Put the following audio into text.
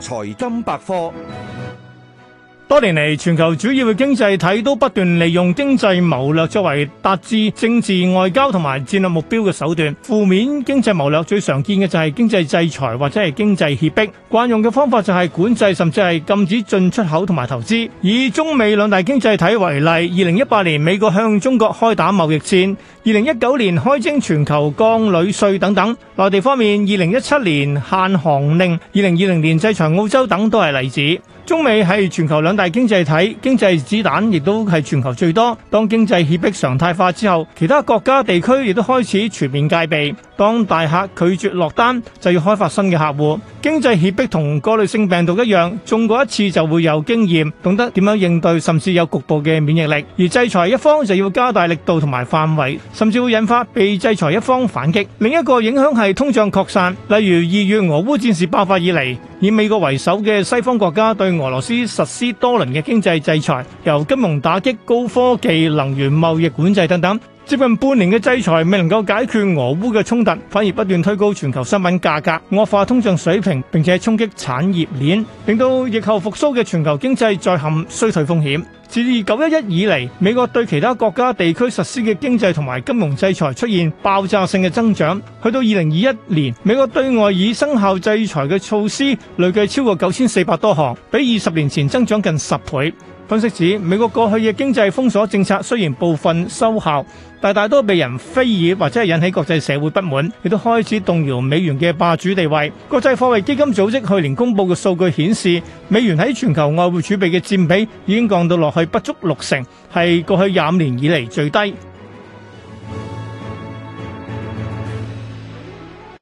財金百科。多年嚟，全球主要嘅經濟體都不斷利用經濟謀略作為達至政治外交同埋戰略目標嘅手段。負面經濟謀略最常見嘅就係經濟制裁或者係經濟脅迫，慣用嘅方法就係管制甚至係禁止進出口同埋投資。以中美兩大經濟體為例，二零一八年美國向中國開打貿易戰，二零一九年開徵全球鋼鋁稅等等。內地方面，二零一七年限航令，二零二零年制裁澳洲等都係例子。中美係全球兩大經濟體，經濟子彈亦都係全球最多。當經濟脅迫常態化之後，其他國家地區亦都開始全面戒備。當大客拒絕落單，就要開發新嘅客戶。經濟脅迫同過濾性病毒一樣，中過一次就會有經驗，懂得點樣應對，甚至有局部嘅免疫力。而制裁一方就要加大力度同埋範圍，甚至會引發被制裁一方反擊。另一個影響係通脹擴散，例如二月俄烏戰事爆發以嚟。以美國為首嘅西方國家對俄羅斯實施多輪嘅經濟制裁，由金融打擊、高科技、能源、貿易管制等等。接近半年嘅制裁未能夠解決俄烏嘅衝突，反而不斷推高全球商品價格，惡化通脹水平，並且衝擊產業鏈，令到疫後復蘇嘅全球經濟再陷衰退風險。自二九一一以嚟，美國對其他國家地區實施嘅經濟同埋金融制裁出現爆炸性嘅增長，去到二零二一年，美國對外已生效制裁嘅措施累計超過九千四百多項，比二十年前增長近十倍。分析指，美國過去嘅經濟封鎖政策雖然部分收效，但大多被人非議或者引起國際社會不滿，亦都開始動搖美元嘅霸主地位。國際貨幣基金組織去年公布嘅數據顯示，美元喺全球外匯儲備嘅佔比已經降到落去不足六成，係過去廿五年以嚟最低。